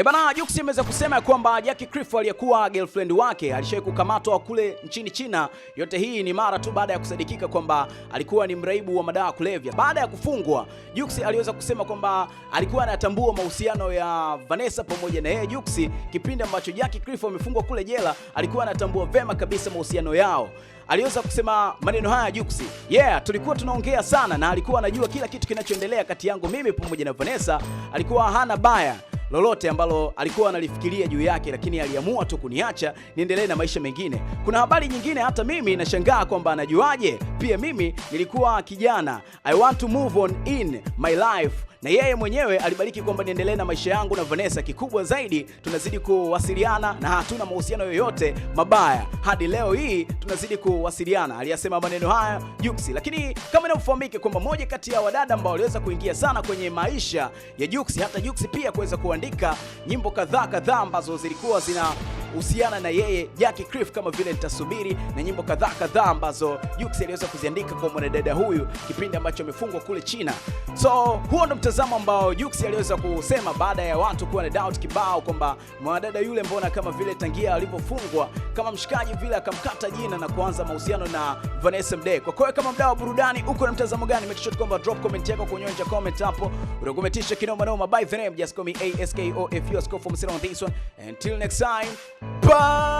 E bana, Jux ameweza kusema kwamba Jackie Cliff aliyekuwa girlfriend wake alishawahi kukamatwa kule nchini China. Yote hii ni mara tu baada ya kusadikika kwamba alikuwa ni mraibu wa madawa kulevya. Baada ya kufungwa, Jux aliweza kusema kwamba alikuwa anatambua mahusiano ya Vanessa pamoja na yeye Jux. Kipindi ambacho Jackie Cliff amefungwa kule jela, alikuwa anatambua vema kabisa mahusiano yao. Aliweza kusema maneno haya Jux. Yeah, tulikuwa tunaongea sana na alikuwa anajua kila kitu kinachoendelea kati yangu mimi pamoja na Vanessa. Alikuwa hana baya lolote ambalo alikuwa analifikiria juu yake, lakini aliamua tu kuniacha niendelee na maisha mengine. Kuna habari nyingine hata mimi nashangaa kwamba anajuaje pia mimi nilikuwa kijana, I want to move on in my life na yeye mwenyewe alibariki kwamba niendelee na maisha yangu na Vanessa. Kikubwa zaidi tunazidi kuwasiliana na hatuna mahusiano yoyote mabaya, hadi leo hii tunazidi kuwasiliana. Aliyasema maneno haya Juksi, lakini kama inavyofahamika kwamba moja kati ya wadada ambao waliweza kuingia sana kwenye maisha ya Juksi, hata Juksi pia kuweza kuandika nyimbo kadhaa kadhaa ambazo zilikuwa zina kuhusiana na yeye Jackie Cliff, kama vile nitasubiri na nyimbo kadhaa kadhaa ambazo Jux aliweza kuziandika kwa mwanadada huyu kipindi ambacho amefungwa kule China. So huo ndo mtazamo ambao Jux aliweza kusema baada ya watu kuwa na doubt kibao kwamba mwanadada yule, mbona kama vile tangia alipofungwa kama mshikaji vile akamkata jina na kuanza mahusiano na Vanessa Mdee. Kwa kweli kama mdau wa burudani uko na mtazamo gani? Make sure kwamba drop comment yako kwenye nje comment hapo. Unakometisha kinoma noma by the name just call me ASKOFU askofu on this one. Until next time. Bye!